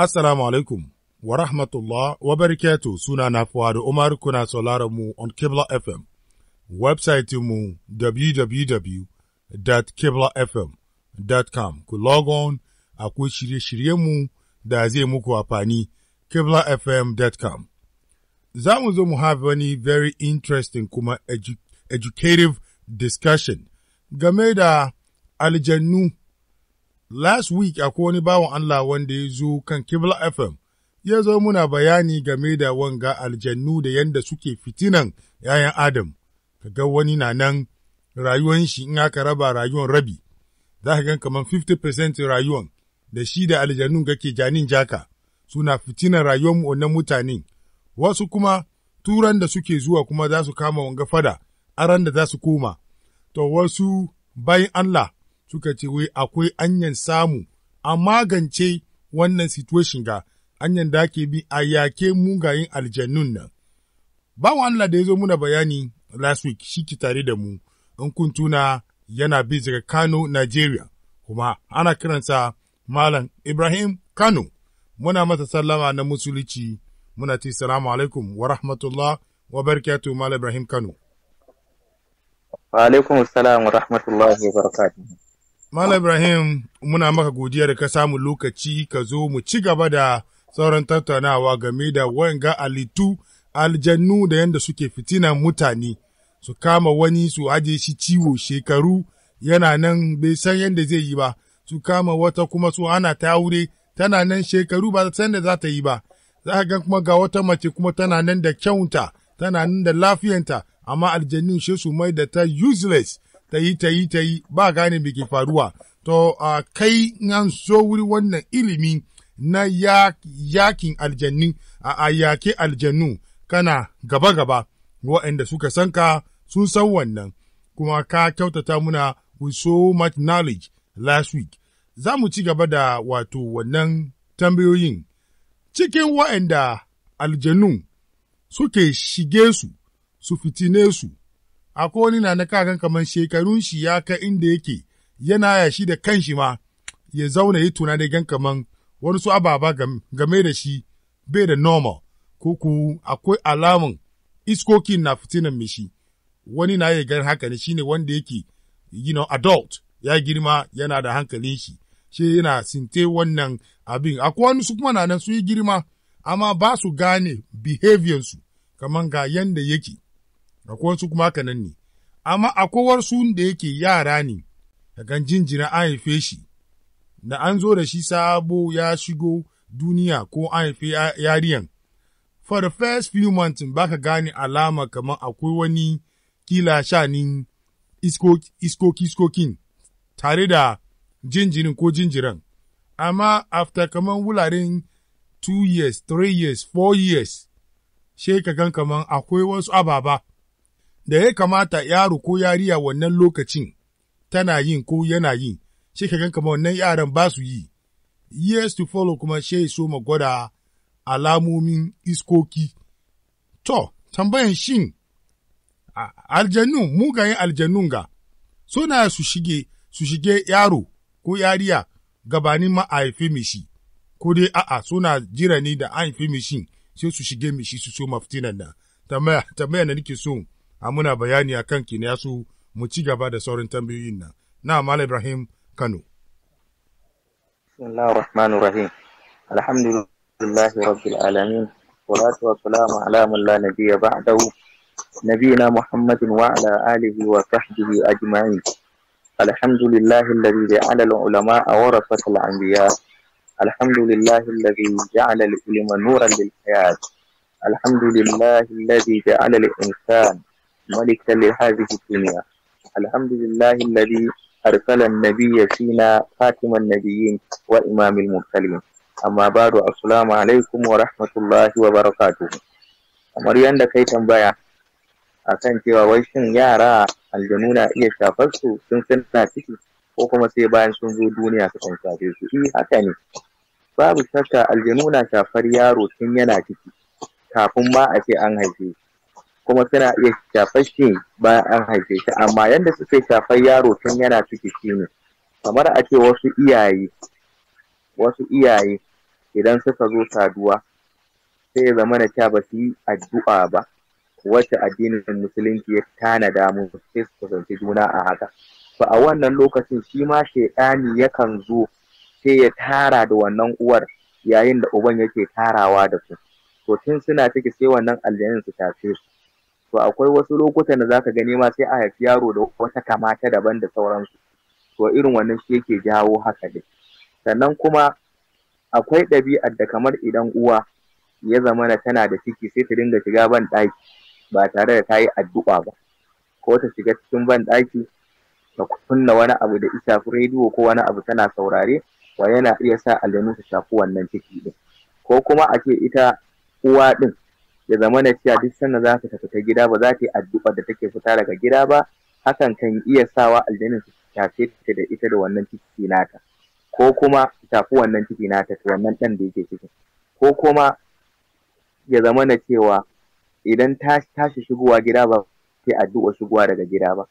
Assalamu alaikum wa rahmatullah wa barakatuh suna na Umar kuna sauraron mu on Kibla FM. Website mu www.kiblafm.com ku log on akwai shirye-shirye mu da zai muku amfani kiblafm.com. Za mu zo mu have wani very interesting kuma edu educative discussion game da aljannu last week akwai wani bawan Allah wanda ya zo kan Kibla FM ya zo muna bayani game da wanga aljannu da yanda suke fitinan ‘ya'yan Adam, ga wani na nan rayuwan shi in aka raba rayuwan rabi, za ka gan kamar 50% rayuwan da shi da aljannun ke janin jaka suna fitinan rayuwan wannan mutane wasu kuma turan da suke zuwa kuma za su kama wanga fada, aran da za su koma, to wasu bayan Allah suka ce wai akwai anyan samu a magance wannan situation ga anyan da ake bi a yake mugayen aljannun nan. Bawan Allah da ya zo muna bayani last week shi ki tare da mu in kun tuna yana bi daga Kano, Nigeria, kuma ana kiransa Malam Ibrahim Kano. Muna masa sallama na musulunci muna ce salamu alaikum wa rahmatullah wa barakatuh Malam Ibrahim Kano. Wa alaikum salam wa rahmatullahi wa barakatuh. Malam Ibrahim muna maka godiya da ka samu lokaci ka zo mu ci gaba da sauran tattaunawa game da wanga alitu aljannu da yadda suke fitinan mutane su kama wani su aje shi ciwo shekaru yana nan bai san yadda zai yi ba su kama wata kuma su ana ta aure tana nan shekaru ba san da za ta yi ba za ga kuma ga wata mace kuma tana nan da kyaunta tana nan da lafiyanta amma aljannu shi su mai da ta useless ta yi ta yi ta yi ba gane me ke faruwa to a kai nan so wuri wannan ilimi na yakin aljanni a ayyake aljannu kana gaba gaba waɗanda suka san ka sun san wannan kuma ka kyautata muna with so much knowledge last week za mu ci gaba da wato wannan tambayoyin cikin waɗanda aljannu suke shige su su fitine su akwai wani na na kamar shekarun shi ya kai inda yake yana yashi da kanshi ma ya zauna yi tunani gan kamar wani su ababa game da shi bai da normal ko ku akwai alamun iskoki na fitinan mishi wani na ya gan haka ne shi ne wanda yake you know adult ya girma yana da hankalin shi shi yana sinte wannan abin akwai wani su kuma na nan su yi girma amma ba su gane behavior su kaman ga yanda yake akwai wasu kuma haka nan ne, amma akwai wasu da yake yara ne, kan jinjina an haife shi, da an zo da shi sabo ya shigo duniya ko an haife yariyan. For the first few months ba ka gane alama kamar akwai wani kila shanin iskoki-iskokin tare da jinjirin ko jinjiran, amma after kamar wularin two years, three years, four years, shekagan kamar akwai wasu ababa. da ya kamata yaro ko yariya wannan lokacin tana yin ko yana yin shi ka gan kama wannan yaran ba su yi years to follow kuma shi so ma gwada alamomin iskoki to tambayan shin aljannu mugayen aljannun ga suna su shige su shige yaro ko yariya gabanin ma a mishi ko dai a'a suna jira ne da an haife mishi sai su shige mishi su so mafitinan nan tambaya tambaya da nake so a muna bayani a kan kiniyasu mu ci gaba da saurin tambayoyin nan. Na Amal Ibrahim Kano. Bismillahir Rahmanir Rahim. Alhamdulillahi Rabbil Alamin. Salatu wa salamu ala man la nabiyya ba'dahu. Nabiyina Muhammadin wa ala alihi wa sahbihi ajma'in. Alhamdulillahi alladhi ja'ala al-ulama warasata al-anbiya. Alhamdulillahi alladhi ja'ala al nuran lil hayat. الحمد لله الذي جعل الإنسان ملكا لهذه الدنيا الحمد لله الذي أرسل النبي فينا خاتم النبيين وإمام المرسلين amma baro assalamu alaikum wa rahmatullahi wa barakatuhu kamar yadda kai tambaya akan cewa wai shin yara aljanu na iya shafar su sun suna ciki ko kuma sai bayan sun zo duniya su kan shafe su eh haka ne babu shakka aljanu na shafar yaro tun yana ciki kafin ma a ce an haife shi kuma suna iya shafar shi bayan an haife shi amma yadda suke shafar yaro tun yana ciki shi ne, kamar a ce wasu iyaye wasu iyaye idan suka zo saduwa sai ya zama na cewa ba su yi addu'a ba wacce addinin musulunci ya tanada mu sai su kusanci juna a haka Ba a wannan lokacin shi ma shaidani yakan zo sai ya tara da wannan uwar yayin da uban yake tarawa da su to tun suna ciki sai wannan aljanin su tafe su to akwai wasu lokutan da zaka gani ma sai a haifi yaro da wata kamata daban da sauransu to irin wannan shi yake jawo haka ne. sannan kuma akwai ɗabi'ar da kamar idan uwa ya zamana tana da ciki sai ta dinga shiga ban ɗaki ba tare da ta yi addu'a ba ko ta shiga cikin ban ɗaki ta kunna wani abu da ita rediyo ko wani abu tana saurare wa yana iya sa aljanu su shafi wannan ciki din ko kuma a ce ita uwa ɗin. ya zama na cewa duk sanda za ta gida ba za ta yi addu'a da take fita daga gida ba hakan kan iya sawa aljanin su shafe ta da ita da wannan ciki nata ko kuma shafi wannan ciki nata ta wannan ɗan da yake ciki ko kuma ya zama na cewa idan ta tashi shigowa gida ba sai addu'a shigowa daga gida ba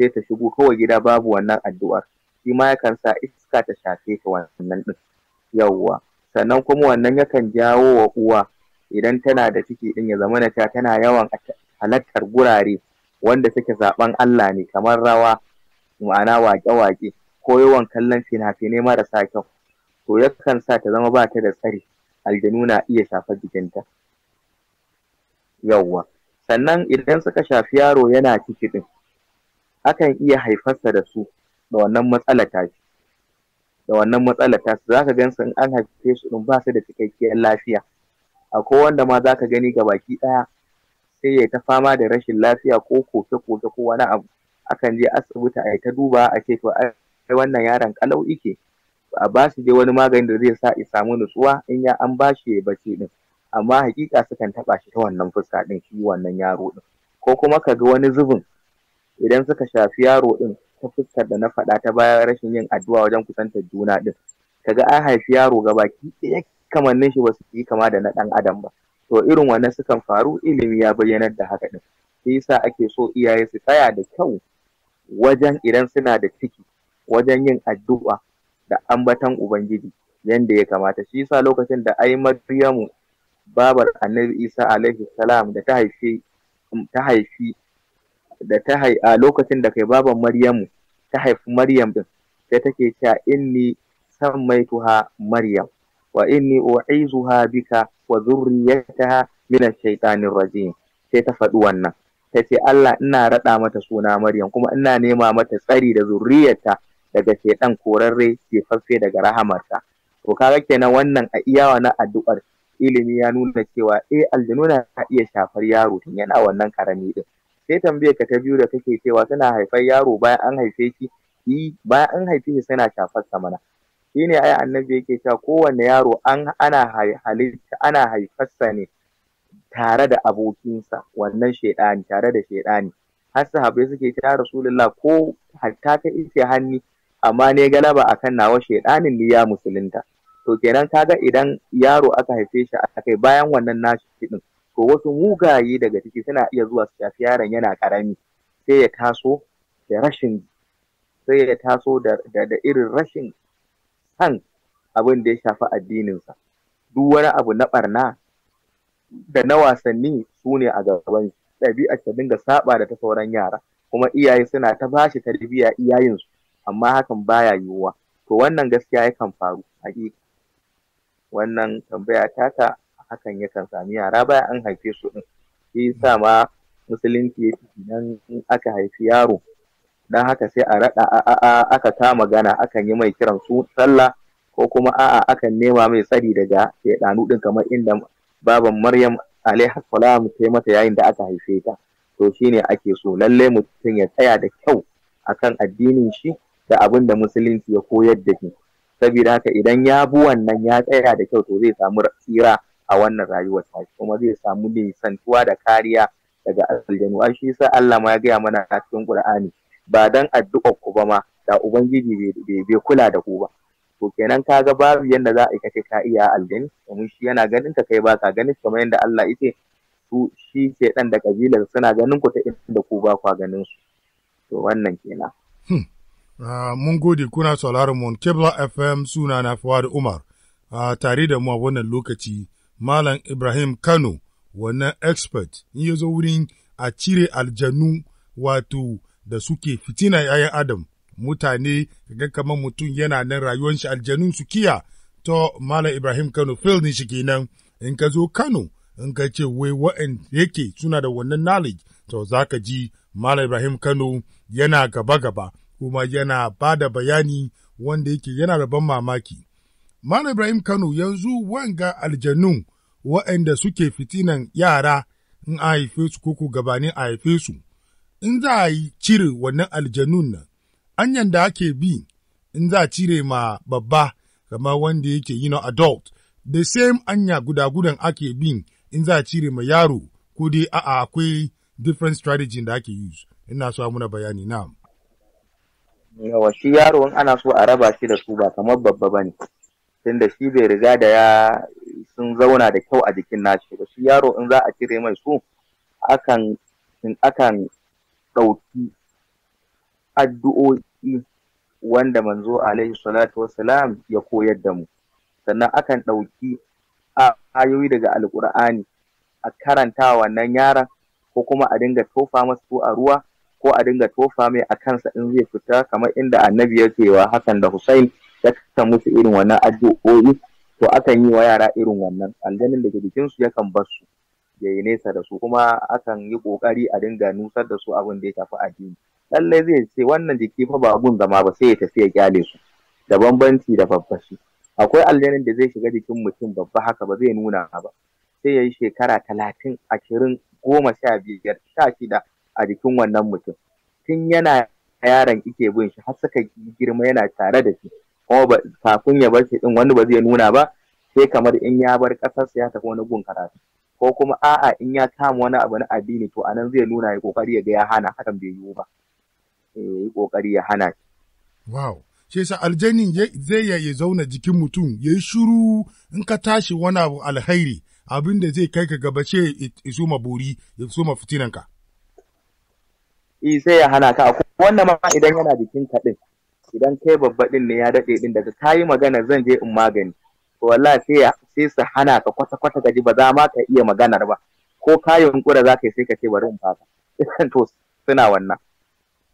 sai ta shigo kawai gida babu wannan addu'ar shi ma yakan sa iska ta shafe ta wannan ɗin yawwa sannan kuma wannan yakan jawo wa uwa idan tana da ciki ɗin ya zama na tana yawan halartar gurare wanda suke zaben Allah ne kamar rawa ma'ana waƙe-waƙe ko yawan kallon fina-finai marasa kyau to yakan sa ta zama ba ta da tsari aljanu na iya shafar jikinta yawwa sannan idan suka shafi yaro yana ciki din akan iya haifarsa da su da wannan matsala ta da wannan matsala ta su zaka gan su in an haife su ɗin ba su da cikakkiyar lafiya akwai wanda ma za ka gani ga baki ɗaya sai ya ta fama da rashin lafiya ko koke-koke ko wani abu akan je asibiti a yi ta duba a ce to ai wannan yaron kalau ike a ba shi je wani magani da zai sa ya samu nutsuwa in ya an ba shi ya bace din amma hakika sukan taba shi ta wannan fuska din shi wannan yaro din ko kuma ka ga wani zubin idan suka shafi yaro din ta fuskar da na faɗa ta bayan rashin yin addu'a wajen kusantar juna din ga an haifi yaro ga baki ɗaya kamannin shi ba su yi kama da na ɗan adam ba to irin wannan sukan faru ilimi ya bayyanar da haka ɗin shi yasa ake so iyaye su tsaya da kyau wajen idan suna da ciki wajen yin addu'a da ambatan ubangiji yanda ya kamata shi yasa lokacin da ai maryamu babar annabi isa alaihi salam da ta haifi ta haifi da ta hai a lokacin da kai baban maryamu ta haifi maryam din sai take cewa inni sammaituha maryam wa inni u'izuha bika wa zurriyataha min ash-shaytanir rajim sai ta faɗi wannan ta ce Allah ina raɗa mata suna Maryam kuma ina nema mata tsari da zurriyarta daga shaidan korarre fasfe daga rahamarta to kaga kenan wannan a iyawa na addu'ar ilimi ya nuna cewa eh aljanu na iya shafar yaro tun yana wannan karami din sai tambaye ka ta biyu da kake cewa suna haifar yaro bayan an haife shi eh, bayan an haife shi suna shafar sa mana shine ai annabi yake cewa kowanne yaro an ana halitta ana haifarsa ne tare da abokinsa wannan shaidani tare da shaidani har sahabbai suke cewa rasulullah ko hatta ka ice hanni amma ne galaba akan nawa shaidanin ni ya musulunta to kenan kaga idan yaro aka haife shi a akai bayan wannan nashi din to wasu mugaye daga ciki suna iya zuwa su shafi yaron yana karami sai ya taso da rashin sai ya taso da irin rashin kan abin da ya shafi addininsa duk wani abu na barna da na wasanni su ne a gaban ɗabi'a ta dinga saɓa da ta sauran yara kuma iyaye suna ta bashi tarbiyya iyayensu amma hakan baya yiwuwa to wannan gaskiya yakan faru hakika wannan tambaya taka hakan yakan sami yara baya an haife su din shi sa ma musulunci yake idan aka haifi yaro dan haka sai a raɗa a'a aka kama gana akan yi mai kiran su sallah ko kuma a'a akan nema mai tsari daga shaidanu ɗin kamar inda baban Maryam alaiha salam ta yi mata yayin da aka haife ta to shine ake so lalle mutum ya tsaya da kyau akan addinin shi da abin da musulunci ya koyar da shi saboda haka idan ya bu wannan ya tsaya da kyau to zai samu tsira a wannan rayuwar ta kuma zai samu nisantuwa da kariya daga aljanu shi yasa Allah ma ya gaya mana a cikin Qur'ani ba dan addu'ar ku ba ma da ubangiji bai kula da ku ba to kenan ka ga babu yadda za a kace ka iya aljani domin shi yana ganin ka kai baka ganin kamar yanda Allah yake su shi ke dan da kabilar suna ganin ku ta inda ku ba kwa ganin su to wannan kenan hmm. ah, mun gode kuna sauraron mu Kebla FM suna na da Umar a ah, tare da mu a wannan lokaci Malam Ibrahim Kano wannan expert in yi zo wurin a cire aljanu wato da suke fitina ‘ya'yan Adam, mutane ga kamar mutum yana nan rayuwar shi aljanun su kiya, to Malam Ibrahim Kano fil ne shi kenan in ka zo Kano in ka ce wai wa’in yake suna da wannan knowledge to za ka ji Malam Ibrahim Kano yana gaba-gaba kuma yana ba da bayani wanda yake yana da ban mamaki. Malam Ibrahim Kano yanzu wanga aljanun wa'anda suke fitinan yara in a haife su koko gabanin a haife su. in za a yi cire wannan aljanun nan, anyan da ake bi in za a cire ma babba kamar wanda yake yi na adult, the same anya guda-gudan ake bi in za a cire ma yaro ko dai a'a akwai different strategy da ake yi. Ina so muna bayani na. Yawa shi yaro in ana so a raba shi da su ba kamar babba ba ne. Tunda shi bai riga da ya sun zauna da kyau a jikin nashi ba shi yaro in za a cire mai su akan akan ɗauki addu'o'i wanda manzo alaihi salatu wassalam ya koyar da mu sannan akan ɗauki ayoyi daga Alkur'ani a karanta wannan yaran, ko kuma a dinga tofa masa ko a ruwa ko a dinga tofa mai a kansa in zai fita kamar inda annabi ya wa hakan da Hussein ya kasa musu irin wannan addu'o'i to akan yi wa yara irin wannan aljanin da ke jikinsu yakan bar su ya yi nesa da su kuma akan yi ƙoƙari a dinga nusar da su abin da ya shafi addini lallai zai ce wannan jiki fa ba gun zama ba sai ya tafi ya kyale su da bambanci da babbashi akwai aljanin da zai shiga jikin mutum babba haka ba zai nuna ba sai ya yi shekara talatin ashirin goma sha biyar sha shida a jikin wannan mutum tun yana yaron ike bin shi har suka girma yana tare da shi kuma kafin ya bar shi din wani ba zai nuna ba sai kamar in ya bar ƙasarsa ya tafi wani gun karatu ko kuma a'a in ya kama wani abu na addini to anan zai nuna ya kokari ya ga ya hana hakan bai yiwu ba eh ya kokari ya hana wow shi yasa aljanin zai ya zauna jikin mutum ya yi shiru in ka tashi wani abu alhairi abin da zai kai ka gaba ce isu buri, bori ya so ma ka. i sai ya hana ka wannan ma idan yana jikin ka din idan kai babba din ne ya dade din daga kayi magana zan je in magani to wallahi sai sai su hana ka kwata kwata gaji ba za ma ka iya maganar ba ko ka yunkura za ka yi sai ka ce bari in fasa to suna wannan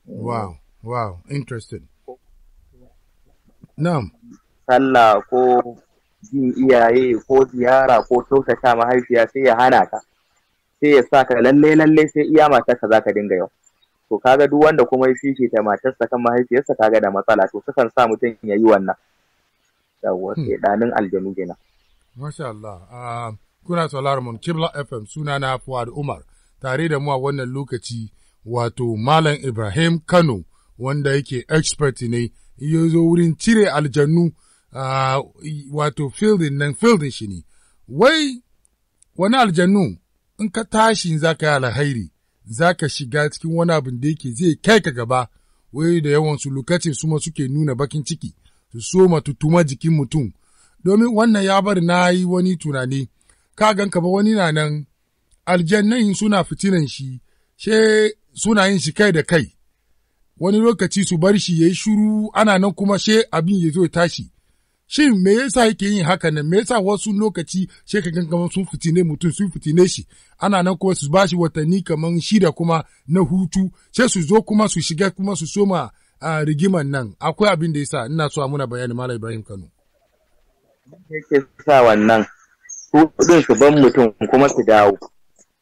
wow wow interesting na'am sallah ko jin iyaye ko ziyara ko kyautata mahaifiya sai ya hana ka sai ya sa ka lalle lalle sai iya matarka za ka dinga yau to kaga duk wanda kuma ya fifita matarsa kan mahaifiyarsa kaga da matsala to sukan sa mutum ya yi wannan Yawo, hmm. shedanin aljanu kenan masha Allah ah, kuna sauraron mun Kibla FM suna na Fuad Umar tare da mu a wannan lokaci wato Malam Ibrahim Kano wanda yake expert ne ya zo wurin cire aljannu ah, wato fieldin nan fieldin shi ne wai wani aljannu in ka tashi za ka yi alhairi za ka shiga cikin wani abin da yake zai kai ka gaba wai da yawan su lokacin suma suke nuna bakin ciki su soma tutuma jikin mutum domin wannan ya bar na yi wani tunani ka gan ka ba wani na nan aljannan suna fitinan shi she suna yin shi kai da kai wani lokaci su bar shi ya yi shuru ana nan kuma she abin ya zo ya tashi shin me yasa yake yin haka nan me yasa wasu lokaci she ka gan kamar sun fitine mutum sun fitine shi ana nan kuma su bashi watanni kamar shida kuma na hutu sai su zo kuma su shiga kuma su soma a rigiman nan akwai abin da yasa ina so muna bayani Malam Ibrahim Kano. Yake sa wannan su din su ban mutum kuma su dawo.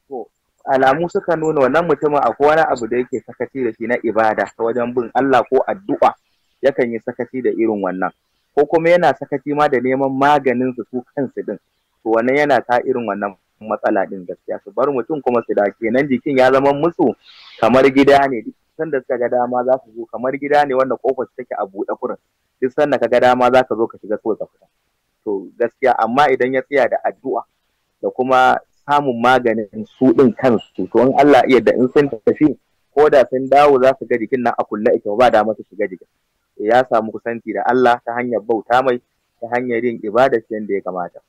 To alamu suka nuna wannan mutumin akwai wani abu da yake sakaci da shi na ibada ta wajen bin Allah ko addu'a yakan yi sakaci da irin wannan. Ko kuma yana sakaci ma da neman maganin su su kansu din. To wannan yana ta irin wannan matsala din gaskiya su bar mutum kuma su da kenan jikin ya zama musu kamar gida ne da suka ga dama za su zo kamar gida ne wanda kofar take a buɗe kurin duk sanda ka ga dama za ka zo ka shiga so ka fita to gaskiya amma idan ya tsaya da addu'a da kuma samun maganin su ɗin kansu to in Allah iya da in sun tafi ko da sun dawo za su ga jikin nan a kulle ita ba da su shiga jikin ya samu kusanci da Allah ta hanyar bauta mai ta hanyar yin ibada yadda ya kamata.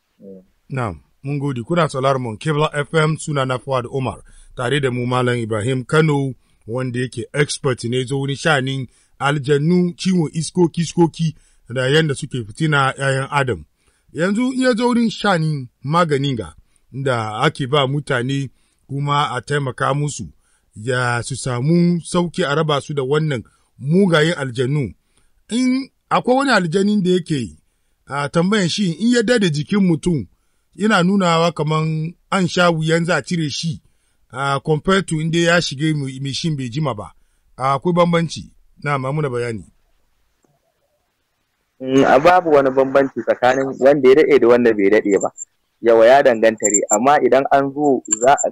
Na'am. mun gode kuna sauraron mun Kibla FM suna na Fuad Umar tare da mu Malam Ibrahim Kano wanda yake expert ne zo wani shanin aljannu ciwon iskoki iskoki da yadda suke fitina ‘ya'yan Adam. Yanzu ya zo wani shanin magani ga da ake ba mutane kuma a taimaka musu ya su samu sauki a raba su da wannan mugayen aljannu. In akwai wani aljanin da yake a tambayan shi in ya dade jikin mutum yana nunawa kaman an sha wuyan za a cire shi uh, compared to inda ya shiga mishin bai jima ba ah, akwai uh, bambanci na mamuna bayani mm, a babu wani bambanci tsakanin wanda ya daɗe da wanda bai daɗe ba yawa ya danganta ne amma idan an zo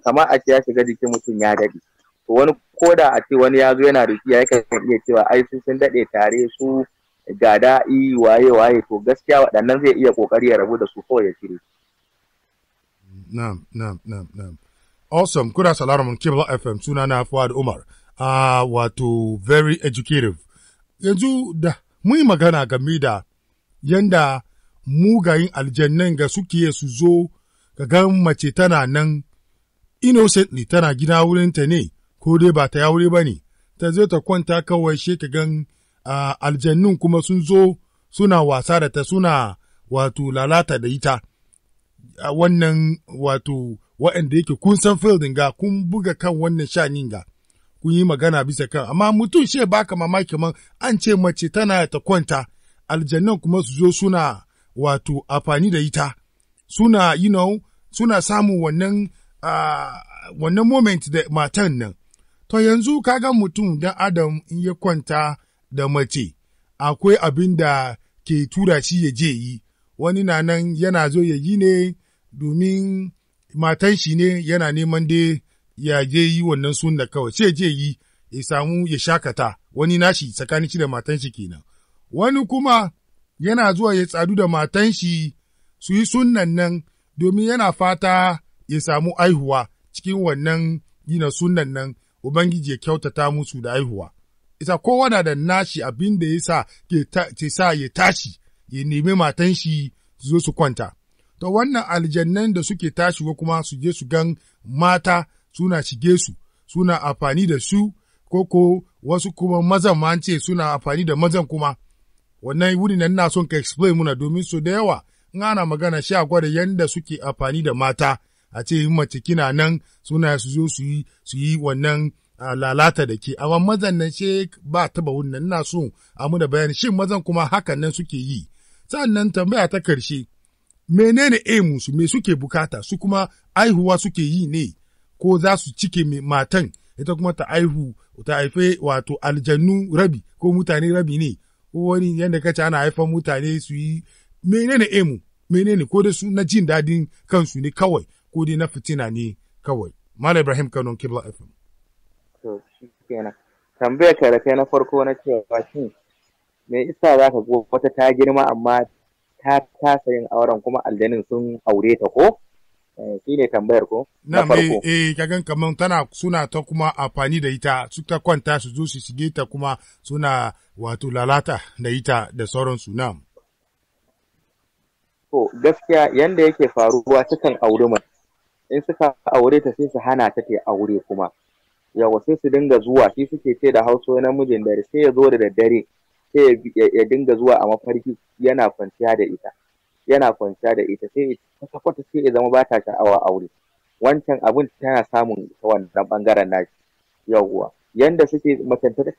kama a ce ya shiga jikin mutum ya daɗe to wani koda a ce wani ya zo yana da ya kan iya cewa ai su sun daɗe tare su ga da'i waye waye to gaskiya waɗannan zai iya ƙoƙari ya rabu da su kawai ya cire na'am na'am na'am na'am Awesome, kuna sauraron mun Kibla FM suna na Fuad Umar. Uh, wato very educative. Yanzu da mun magana game da yanda mugayen aljannan ga suke su zo ga gan mace tana nan innocently tana gida wurinta ne ko dai ba ta yaure ba ne ta zo ta kwanta kawai she ka gan uh, aljannun kuma sun zo suna wasa da ta suna wato lalata da ita wannan wato waɗanda yake kun san fieldin ga kun buga kan wannan shanin ga kun yi magana bisa kan amma mutum shi baka mamaki man an ce mace tana ta kwanta aljannan kuma su zo suna wato amfani da ita suna you know suna samun wannan uh, wannan moment da matan nan to yanzu ka ga mutum dan adam in ya kwanta da mace akwai abin da ke tura shi ya je yi wani na nan yana zo ya yi ne domin matan shi ne yana neman dai ya je yi wannan sunna kawai sai je yi ya samu ya shakata wani nashi tsakanin shi da matan shi kenan wani kuma yana zuwa ya tsadu da matan shi su yi sunnan nan domin yana fata ya samu aihuwa cikin wannan gina sunnan nan ubangiji ya kyautata musu da aihuwa isa kowa na da nashi abin da ya sa ke sa ya tashi ya nemi matan shi su zo su kwanta to wannan aljannan da suke wa kuma su je su gan mata suna shige su suna amfani da su ko wasu kuma mazan ma ce suna amfani da mazan kuma wannan wuri nan na son ka explain muna domin su da yawa in ana magana a gwada yanda suke amfani da mata a ce mace kina nan suna su zo su yi su yi wannan lalata da ke amma mazan nan she ba taba wannan na so a muna bayani shin mazan kuma hakan nan suke yi sannan tambaya ta karshe menene aimu me suke bukata su kuma aihuwa suke yi ne ko za su cike matan ita kuma ta aihu ta haife wato aljannu rabi ko mutane rabi ne ko wani yadda kace ana haifan mutane su yi menene aimu menene ko da su na jin dadin kansu ne kawai ko dai na fitina ne kawai malam ibrahim kano kibla fm to kenan tambayar ka na farko na cewa shin me isa ka go wata ta girma amma ta kasa yin auren kuma aljanin sun aure ta ko? Eh, shi ne tambayar ko? Na farko. eh kagan kamar tana suna ta kuma amfani da ita su ta kwanta su zo su shige ta kuma suna wato lalata da ita da sauransu na. To gaskiya yanda yake faruwa sukan aure mu, in suka aure ta sai su hana ta ta aure kuma. Yawa sai su dinga zuwa shi suke ce da hausa namijin dare sai ya zo da daddare sai ya dinga zuwa a mafarki yana kwanciya da ita yana kwanciya da ita sai kwata kwata sai ya zama ba ta sha'awa aure wancan abin tana samun ta wannan bangaren nashi yawwa yanda suke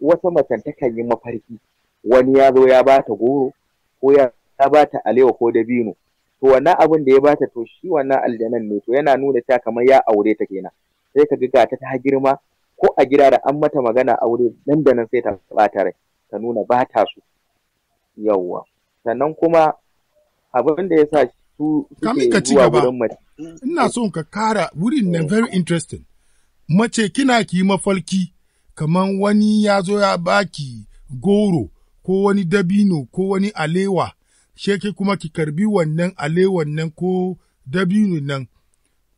wata matanta kan yi mafarki wani ya zo ya ba ta goro ko ya ba ta alewa ko dabino to wannan abin da ya ba ta to shi wannan aljanan ne to yana nuna cewa kamar ya aure ta kenan sai ka ga ta ta girma ko a gida da an mata magana aure nan da nan sai ta bata rai ta nuna ba ta so yawwa sannan kuma abin da ya sa su suke zuwa wurin mace ina son ka kara wurin na very interesting mace kina ki mafalki kaman wani ya zo ya baki goro ko wani dabino ko wani alewa sheke kuma ki karbi wannan alewan nan ko dabino nan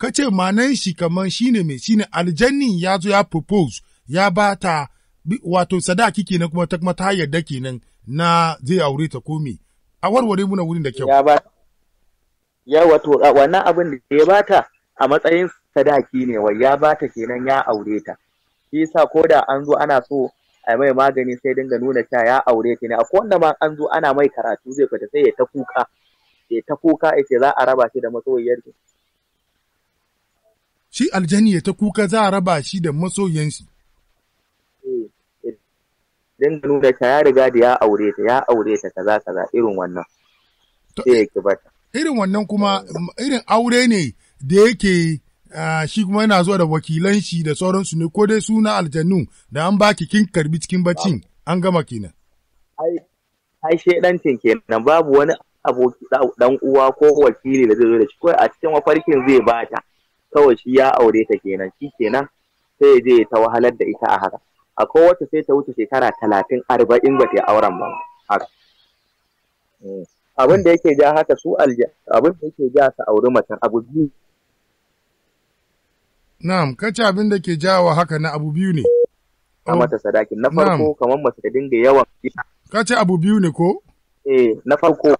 ka ce manan shi kaman shine mai shine aljannin ya zo ya propose ya bata wato sadaki kenan kuma ta kuma ta yarda kenan na zai aure ta komi a warware muna wurin da kyau ya ba ya wato wannan abin da ya bata a matsayin sadaki ne wai ya bata kenan ya aure ta shi yasa ko da an zo ana so a mai magani sai dinga nuna cewa ya aure ta ne akwai wanda ma an zo ana mai karatu zai fita sai ya ta kuka ya ta kuka ya ce za a raba shi da masoyiyar shi aljani ya ta kuka za a raba shi da masoyansu dinga nuna ta ya riga da ya aure ta ya aure ta kaza kaza irin wannan sai ya kibata irin wannan kuma irin aure ne da yake shi kuma yana zuwa da wakilan shi da sauransu ne ko dai suna aljannu da an baki kin karbi cikin baccin an gama kenan ai shedancin kenan babu wani aboki dan uwa ko wakili da zai zo da shi kawai a cikin mafarkin zai bata kawai shi ya aure ta kenan shi kenan sai je ta wahalar da ita a haka akwai wata sai ta wuce shekara talatin arba'in ba ta auren ba mm. abin da yake ja haka su alja abin da yake ja ta auri macen abu biyu na'am kace abin da ke jawa haka na abu biyu ne a mata sadakin na farko kamar mace ta dinga yawan kace abu biyu ne ko eh na farko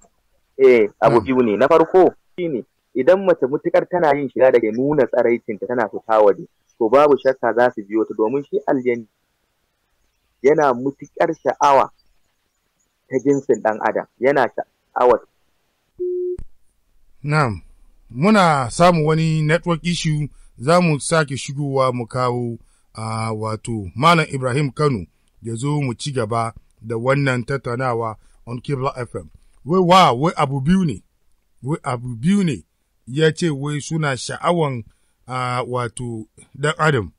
eh abu biyu ne na farko shine idan mace mutukar tana yin shiga da ke nuna tsaraicinta tana su kawade, to babu shakka za su biyo ta domin shi aljani yana mutuƙar sha'awa ta jinsin ɗan adam yana sha'awa na'am muna samu wani network issue za mu sake shigowa mu kawo a wato malam ibrahim kano ya zo mu ci gaba da wannan tattaunawa on kibla fm wai wa wai abu biyu ne wai abu biyu ne ya ce wai suna sha'awan a wato dan adam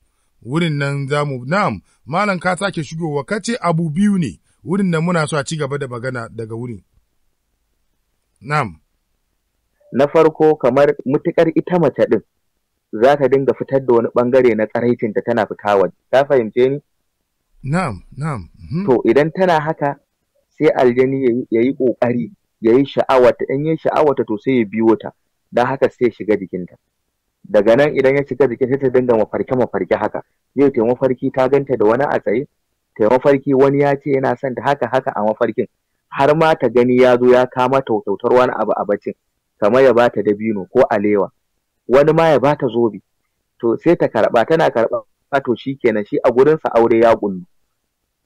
wurin nan za mu na'am malam ka sake shigowa ka ce abu biyu ne wurin nan muna so a ci gaba da magana daga wurin na'am na farko kamar mutukar ita mace din za ta dinga fitar da wani bangare na tsaraicinta tana fita waje ta fahimce ni na'am na'am mhm. to idan tana haka sai aljani ya yi kokari ya yi sha'awata in yi sha'awata to sai ya biyo ta don haka sai shiga jikinta daga nan idan ya cika jikin sai ta dinga mafarke mafarke haka yau ta mafarki ta ganta da wani a tsaye ta mafarki wani ya ce yana son ta haka haka a mafarkin har ma ta gani ya zo ya kama ta kyautar wani abu a bacin kamar ya bata dabino ko alewa wani ma ya bata zobe to sai ta karba tana karba to na shi a gurin sa aure ya kunnu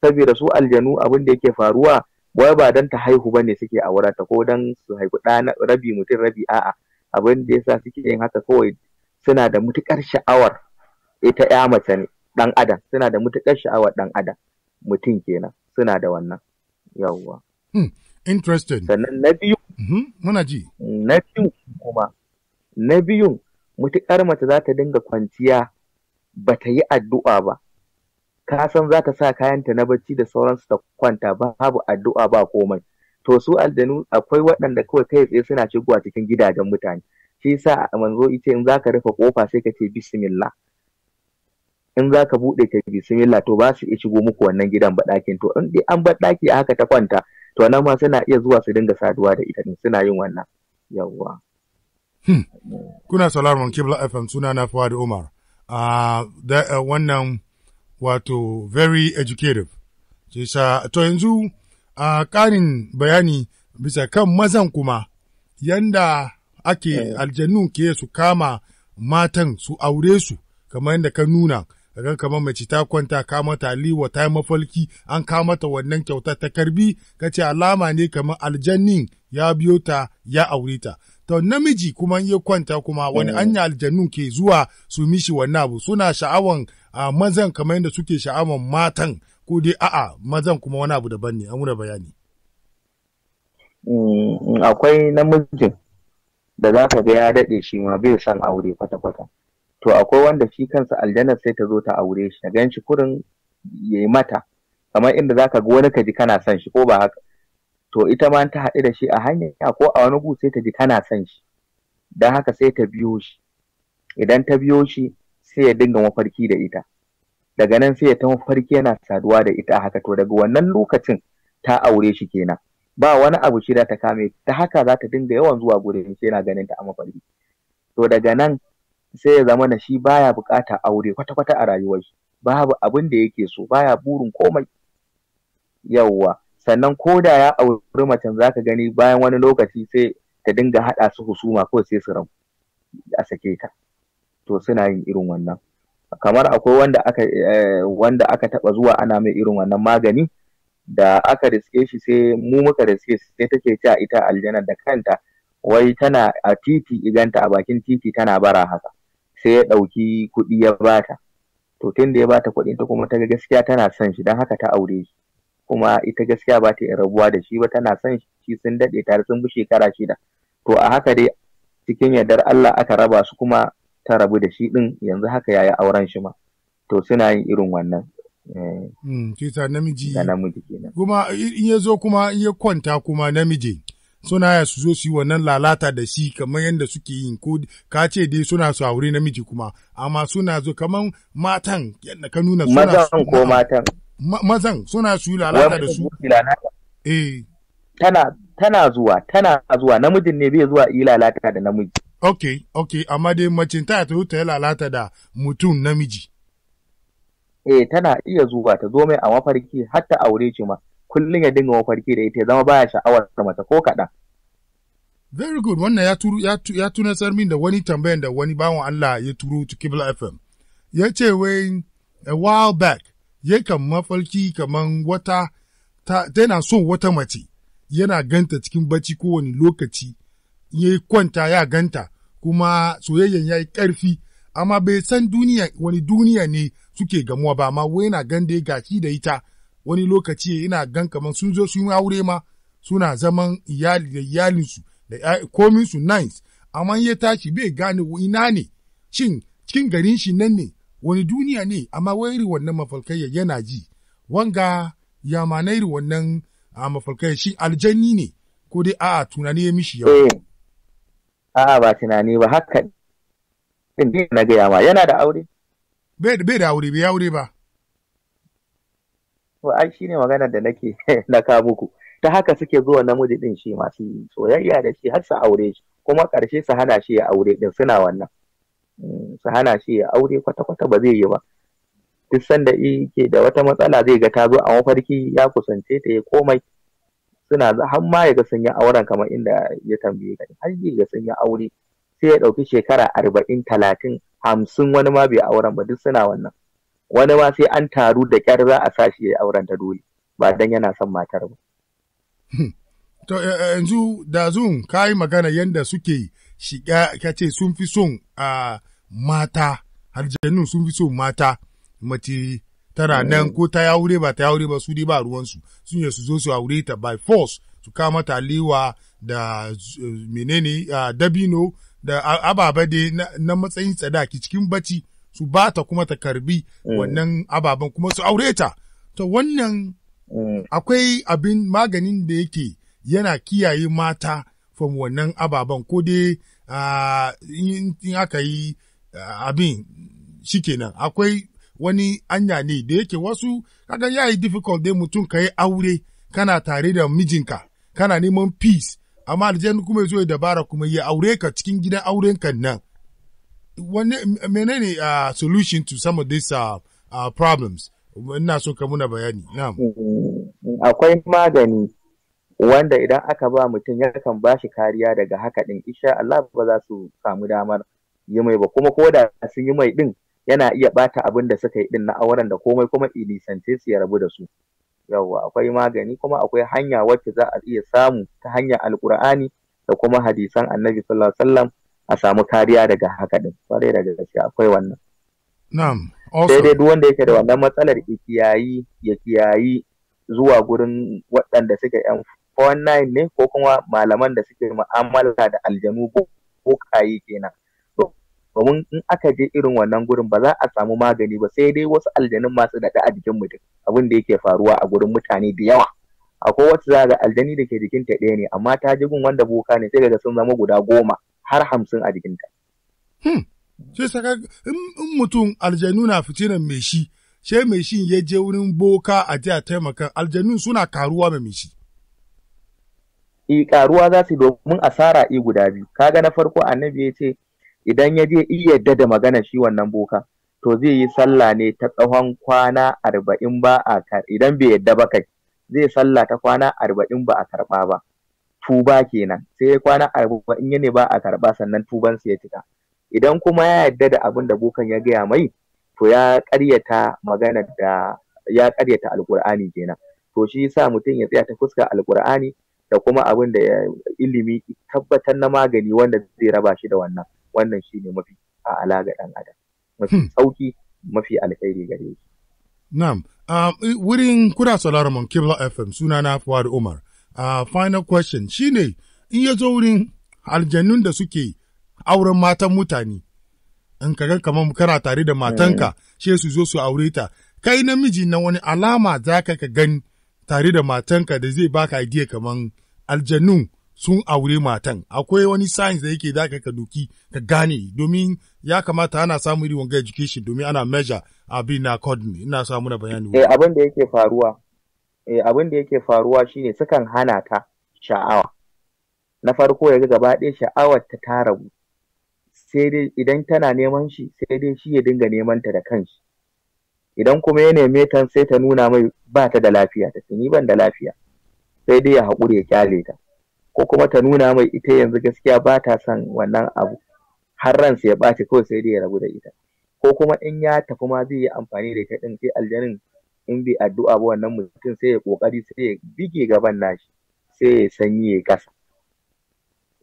saboda su aljanu abin da yake faruwa wai ba dan ta haihu bane suke aurata ko dan su haihu ɗa rabi mutum rabi a'a abin da yasa suke yin haka kawai suna da mutukar sha'awar ita ya mace ne ɗan adam suna da mutukar sha'awar ɗan adam mutum kenan suna da wannan yawwa hmm, interesting sannan na biyu mm-hmm, muna ji na biyu kuma na biyun mutukar mace za ta dinga kwanciya ba ta yi addu'a ba ka san za ta sa kayanta na bacci da sauransu ta kwanta ba, babu addu'a ba komai to su aljanu akwai waɗanda kawai kai tsaye suna shigowa cikin gidajen mutane shi yasa manzo yace in zaka rufe kofa sai ka ce bismillah in zaka bude ta bismillah to ba su iya shigo muku wannan gidan ba to in dai an bar ɗaki a haka ta kwanta to nan ma suna iya zuwa su dinga saduwa da ita suna yin wannan yawwa hmm. kuna sauraron Kibla FM suna na Fawad Umar ah, eh, wannan wato very educative sa to yanzu a ah, ƙarin bayani bisa kan mazan kuma yanda ake eh. aljannu ke su kama matan su aure su kamar yadda ka nuna kaga kamar mace ta kwanta ka mata liwa ta mafalki an ka mata wannan kyauta ta karbi ka ce alama ne kamar aljannin ya biyo ta ya aure ta to namiji kuma ya kwanta kuma wani eh. anya aljannu ke zuwa su mishi wannan abu suna sha'awan mazan kamar yadda suke sha'awan matan ko dai a'a mazan kuma wani abu daban ne an bayani mm, mm, akwai namijin da za ka ga ya daɗe shi ma bai san aure kwata-kwata to akwai wanda shi kansa aljanar sai ta zo ta aure shi ta gan shi kurin ya yi mata kamar inda za ka ga wani ka ji kana son shi ko ba haka to ita ma ta haɗu da shi a hanyar ya ko a wani gu sai ta ji kana son shi don haka sai ta biyo shi idan ta biyo shi sai ya dinga mafarki da ita daga nan sai ya ta mafarki yana saduwa da ita haka to daga wannan lokacin ta aure shi kenan ba wani abu shida ta kame ta haka za ta dinga yawan zuwa gurin shi na ganin ta amma fari to daga nan sai ya zama na shi baya bukata aure kwata-kwata a rayuwar shi babu abin da yake so baya burin komai yawwa sannan ko da ya auri macen ka gani bayan wani lokaci sai ta dinga haɗa su husuma ko sai su rabu a sake ta to suna yin irin wannan kamar akwai wanda aka eh, wanda aka taba zuwa ana mai irin wannan magani da aka riske shi sai mu muka riske shi sai take a ita aljanar da kanta wai tana a titi iganta a bakin titi tana bara haka sai ya ɗauki kuɗi ya bata to tun da ya bata kuɗin ta kuma ta gaskiya tana son shi don haka ta aure shi kuma ita gaskiya ba ta rabuwa da shi ba tana son shi sun daɗe tare sun bi shekara shida to a haka dai cikin yardar Allah aka raba su kuma ta rabu da shi ɗin yanzu haka yayi auren shi ma to suna yin irin wannan Kisa eh. hmm, namiji. Da namiji kenan. Kuma in ya zo kuma in ya kwanta kuma namiji. Suna ya su zo su yi wannan lalata da shi kamar yadda suke yin ko ka ce dai suna su aure namiji kuma amma suna zo kamar matan yadda ka nuna suna mazan ko matan mazan suna su yi lalata da su eh tana tana zuwa tana zuwa namijin ne bai zuwa yi lalata da namiji okay okay amma dai macin ta ta yi lalata da mutum namiji eh tana iya zuwa ta zo mai a mafarki har ta aure shi ma kullum ya dinga mafarki da ita ya zama baya sha'awar mata ko kaɗan. Very good wannan ya turu ya, ya min da wani tambayan da wani bawan Allah ya turu to Kibla FM. Ya ce wai a while back yakan mafarki kaman wata ta, yana son wata mace yana ganta cikin bacci kowane lokaci ya kwanta ya ganta kuma soyayyan ya yi ƙarfi amma bai san duniya wani duniya ne suke gamuwa ba amma wai na gan dai gashi da ita wani lokaci ina gan kamar sun zo sun aure ma suna zaman iyali da iyalinsu da komin su nice amma ya tashi bai gane ina ne cin cikin garin shi nan ne wani duniya ne amma wai wannan mafalkayya yana ji wanga ya manai wannan a mafalkayya shi aljanni ne ko dai a'a tunani ya mishi yawa eh. a'a ba tunani ba haka din na gaya ma yana da aure bai da aure bai aure ba to ai shine maganar da nake na ka muku ta haka suke zuwa namiji din shi masu soyayya da shi har su aure shi kuma ƙarshe su hana shi ya aure din suna wannan mm, su hana shi ya aure kwata-kwata ba zai yi ba duk sanda ke da wata matsala zai ga ta zo a mafarki ya kusance ta ya komai suna har ma ya ga sun yi auren kamar inda ya tambaye ka har ya ga sun yi aure sai ya ɗauki shekara arba'in talatin hamsin wani ma bai auren ba duk suna wannan wani ma sai an taru da ƙyar za a sa shi ya auren ta dole ba dan yana son matar ba. Hmm. To eh, eh, yanzu da zun ka yi magana yadda suke shiga ka ce sun fi son a mata harjannun sun fi son mata mace tara hmm. nan ko ta ya wure ba ta ya wure ba su dai ba ruwansu sun yi su zo su aure ta by force su kama taliwa da eh, menene dabino da ababa da na matsayin tsadaki cikin bacci su ba ta kuma ta karbi eh. wannan ababen kuma su aure ta to wannan eh. akwai abin maganin da yake yana kiyaye mata from wannan ababen ko dai in aka yi abin shikenan akwai wani anya ne da yake wasu kaga ya yi difficult dai mutum ka yi aure kana tare da mijinka kana neman peace amma aljanu kuma ya zo ya dabara kuma ya aure ka cikin gidan auren nan wani menene uh, solution to some of these ah, ah, problems ina so ka muna bayani akwai magani wanda idan aka ba mutum yakan ba shi kariya daga haka din isha Allah ba za su samu damar yi mai ba kuma koda sun yi mai din yana iya bata abin da suka yi din na auren da komai kuma ilisance su ya rabu da su yawwa akwai magani kuma akwai hanya wacce za a iya samu ta hanyar alkur'ani da kuma hadisan annabi sallallahu alaihi wasallam a samu kariya daga haka din kwarai daga gaske akwai wannan na'am sai dai duk wanda yake da wannan matsalar ikiyayi ya kiyayi zuwa gurin waɗanda suke yan 419 ne ko kuma malaman da suke mu'amala da aljanu kayi kenan domin in aka je irin wannan gurin ba za a samu magani ba sai dai wasu aljanun masu daɗa a jikin mutum abin da yake faruwa a gurin mutane da yawa akwai wasu za ga aljani da ke jikinta ɗaya ne amma ta ji gun wanda boka ne sai daga sun zama guda goma har hamsin a jikinta. Hmm. in mutum aljanu na fitinan mai shi sai mai shi ya je wurin boka a je a taimaka aljanun suna karuwa mai shi. i e, za su domin asara i guda biyu kaga na farko annabi ya ce idan ya je iya yadda da magana shi wannan bokan to zai yi sallah ne ta tsawon kwana arba'in ba a kar idan bai yadda ba kai zai sallah ta kwana arba'in ba a karɓa ba tuba kenan sai kwana arba'in ya ne ba a karɓa sannan tubansa ya cika idan kuma ya yadda da abin da bokan ya gaya mai to ya karyata magana da ya karyata alƙur'ani kenan to shi yasa mutum ya tsaya ta fuska alkur'ani da kuma abin da ilimi tabbatar na magani wanda zai raba shi da wannan wannan shi ne mafi a'ala ga ɗan adam mafi hmm. sauki mafi alkhairi gare shi Nam, um, wurin kuna sauraron mun Kibla FM suna na Fuad Umar. Uh, final question ne, in ya zo wurin aljannun da suke auren matan mutane, in kaga kamar kana tare da matanka, eh. she su zo su aure ta, kai namiji na wani alama za ka ka gani tare da matanka da zai baka idea kamar aljannun sun aure matan akwai wani science da yake zaka ka doki ka gane domin ya kamata ana samun irin wanga education domin ana measure abin na coordinate ina samu na bayani eh abin da yake faruwa eh abin da yake faruwa shine sukan hana ta sha'awa na farko ya ga gaba ɗaya sha'awar ta ta rabu sai dai idan tana neman shi sai dai shi ya dinga neman ta da kanshi idan kuma ya neme ta sai ta nuna mai ba ta da lafiya ta ni ban da lafiya sai dai ya haƙuri ya kyale ta ko kuma ta nuna mai ita yanzu gaskiya ba ta son wannan abu har ransa ya ɓaci kawai sai dai ya rabu da ita ko kuma in ya tafi ma zai yi amfani da ita din sai aljanin in bai addu'a ba wannan mutum sai ya kokari sai ya bige gaban nashi sai ya sanyi ya kasa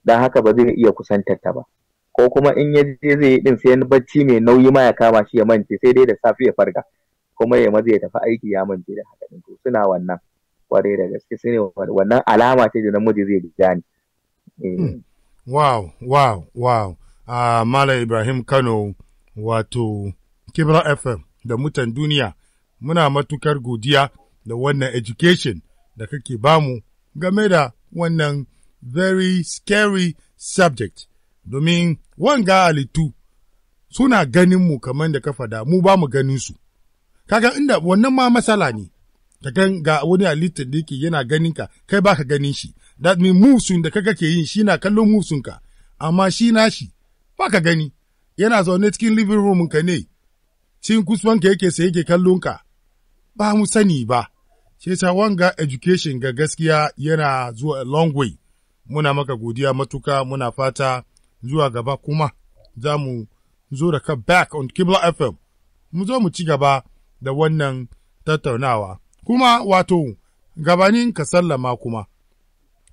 dan haka ba zai iya kusantar ta ba ko kuma in ya je zai yi din sai bacci mai nauyi ma ya kama shi ya mance sai dai da safe ya farka kuma ya maza ya tafi aiki ya mance da haka din to suna wannan kwarai da gaske sai wannan alama ce da namiji zai gane eh. hmm. wow wow wow uh, Malam Ibrahim Kano wato Kibra FM da mutan duniya muna matukar godiya da wannan education da kake bamu game da wannan very scary subject domin wanga alitu suna ganin mu kamar da ka fada mu ba mu ganin su kaga inda wannan ma matsala ne ta kan ga wani halittar da yake yana ganin ka kai ba ka ganin shi that mean musun da kaka ke yin shi na kallon musun ka amma shi na shi ba ka gani yana zaune cikin living room ka ne cikin kusurwan ka yake sai yake kallon ka ba mu sani ba shi wanga education ga gaskiya yana zuwa a long way muna maka godiya matuka muna fata zuwa gaba kuma za mu zo da ka back on Kibla FM mu zo mu ci gaba da wannan tattaunawa. kuma wato gabanin ka sallama kuma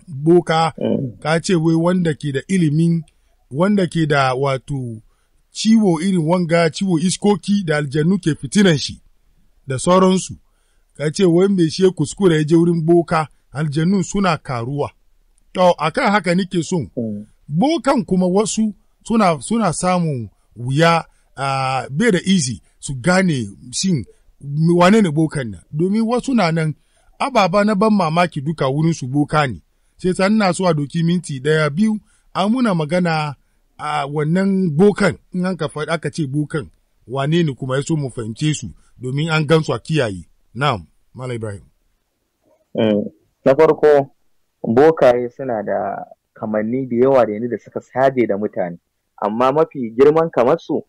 boka mm. ka ce wai wanda ke da ilimin wanda ke da wato ciwo irin wanga ciwo iskoki da aljannu ke fitinan shi da sauransu ka ce wai mai shi kuskure ya je wurin boka aljannun suna karuwa to kan haka nike son mm. bokan kuma wasu suna suna samun wuya uh, bai da izi su gane sin wane ne bokan na domin wasu na nan ababa na ban mamaki duka wurin su boka ne sai san ina so a doki minti daya biyu a muna magana a wannan bokan in an aka ce bokan wane ne kuma ya so mu fahimce su domin an gan su a kiyaye na'am mala ibrahim eh, na farko bokaye suna da kamanni da yawa da yanzu da suka saje da mutane amma mafi girman kamar su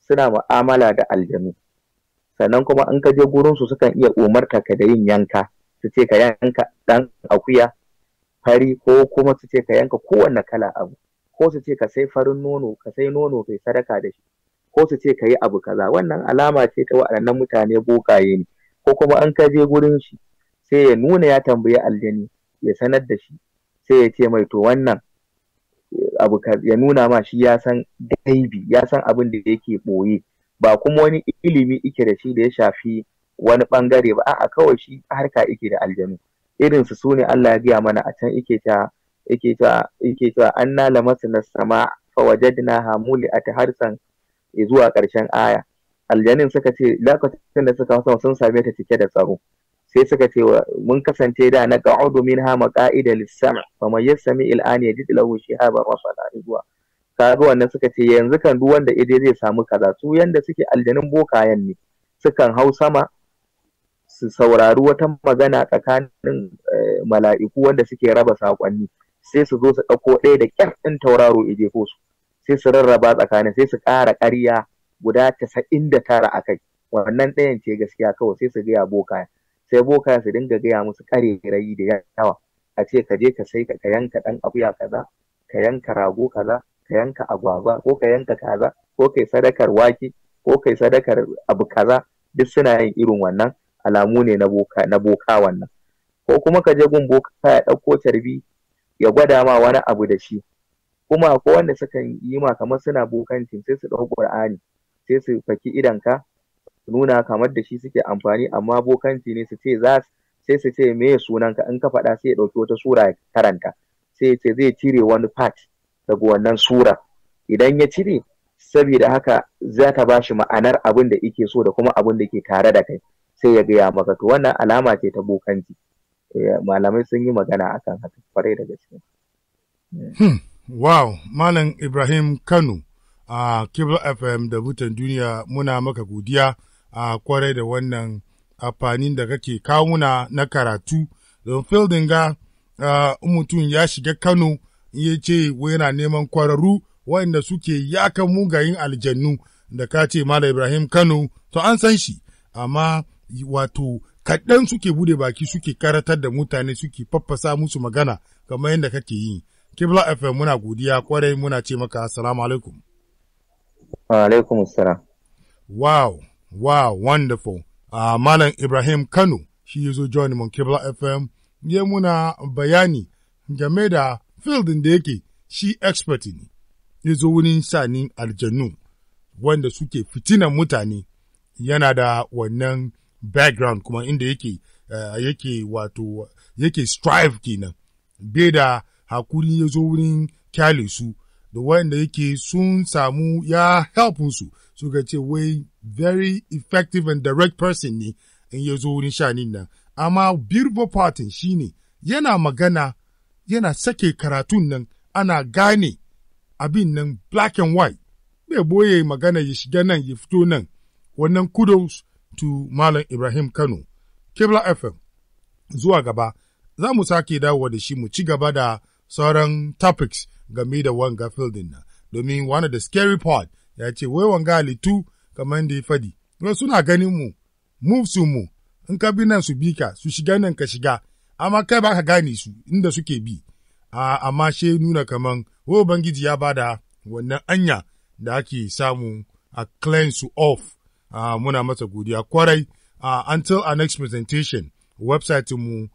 suna mu'amala da aljanu sannan kuma an ka je gurin su sukan iya umarta ka da yin yanka su ce ka yanka dan akuya fari ko kuma su ce ka yanka kowanne kala abu ko su ce ka sai farin nono ka sai nono kai sadaka da shi ko su ce ka yi abu kaza wannan alama ce ta waɗannan mutane bokaye ne ko kuma an ka je gurin shi sai ya nuna ya tambayi aljani ya sanar da shi sai ya ce mai to wannan abu ya nuna ma shi ya san gaibi ya san abin da yake ɓoye ba kuma wani ilimi ike da shi da ya shafi wani bangare ba a'a kawai shi harka ike da aljanu irin su sune Allah ya gaya mana a can ike ta ike ta ike ta anna lamasna sama fa wajadnaha at harsan zuwa ƙarshen aya aljanin suka ce lokacin da suka hausa sun same ta cike da tsaro sai suka ce mun kasance da na qa'udu minha maqa'ida lis-sam' fa may yasmi an yajid lahu shihaban rasada zuwa kaga wannan suka ce yanzu kan duk wanda ide zai samu kaza su yanda suke aljanin bokayen ne sukan hau sama su saurari wata magana tsakanin eh, mala'iku wanda suke raba sakonni. sai su zo su ɗauko ɗaya da ƙyar ɗin tauraro ije ko su sai su rarraba tsakanin sai su ƙara ƙarya guda casa'in da tara a kai wannan ɗayan ce gaskiya kawai sai su gaya boka sai boka su dinga gaya musu ƙarerayi da yawa a ce ka je ka sai ka yanka ɗan akuya kaza ka yanka rago kaza ka yanka agwagwa ko ka yanka kaza ko kai sadakar wake ko kai sadakar abu kaza duk suna yin irin wannan alamu ne na boka na boka wannan ko kuma ka je gun boka ya ɗauko tarbi ya gwada ma wani abu da shi kuma ko wanda sukan yi ma kamar suna tin sai su ɗau ƙur'ani sai su faki idan ka nuna kamar da shi suke amfani amma bokanci ne su ce za sai su ce me sunanka in ka faɗa sai ya ɗauki wata sura ya karanta sai ya ce zai cire wani part daga wannan sura idan ya cire saboda haka za ta ba shi ma'anar abin da yake so da kuma abin da ke tare da kai sai ya gaya maka to wannan alama ce ta bokanci eh, malamai sun yi magana akan haka kwarai da gaske hmm. wow malam ibrahim kano a kibla fm da butan duniya muna maka godiya a kwarai da wannan amfanin da kake kawuna na karatu don fildinga mutum ya shiga kano ya ce yana neman kwararru waɗanda suke yakan mugayen aljannu da ka ce Malam Ibrahim Kano to an san shi amma wato kaɗan suke bude baki suke karatar da mutane suke faffasa musu magana kamar yadda kake yi. Kibla FM muna godiya kwarai muna ce maka assalamu alaikum. alaikum assalam. Wow, wow, wonderful. Uh, Malam Ibrahim Kano shi ya zo join mu Kibla FM ya muna bayani game da fieldin da yake shi expert ne, ya zo wurin sanin aljanu wanda suke fitinan mutane yana da wannan background kuma inda yake uh, yake wato yake strive kenan bai da hakuri ya zo wurin kyale su da wanda yake sun samu ya helpinsu, su ga ce wai very effective and direct person ne in ya zo wurin shanin nan amma birbo partin shine yana magana yana sake karatun nan ana gane abin nan black and white bai boye magana ya shiga nan ya fito nan wannan kudos to malam ibrahim kano kibla fm zuwa gaba za mu sake dawo da shi mu ci gaba da sauran topics game da wanga fieldin na domin wani da scary part ya ce wai wanga halittu kamar da ya fadi suna ganin mu move su mu in ka bi nan su bi ka su shiga nan ka shiga amma kai ba ka gane su inda suke bi a amma she nuna kaman wo bangiji ya bada wannan anya da ake samu a cleanse off a muna masa godiya kwarai a until our next presentation website mu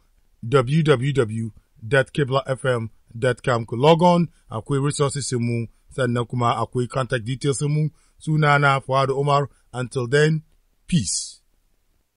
www.kiblafm.com ku log on akwai resources mu sannan kuma akwai contact details mu sunana Fuad Umar until then peace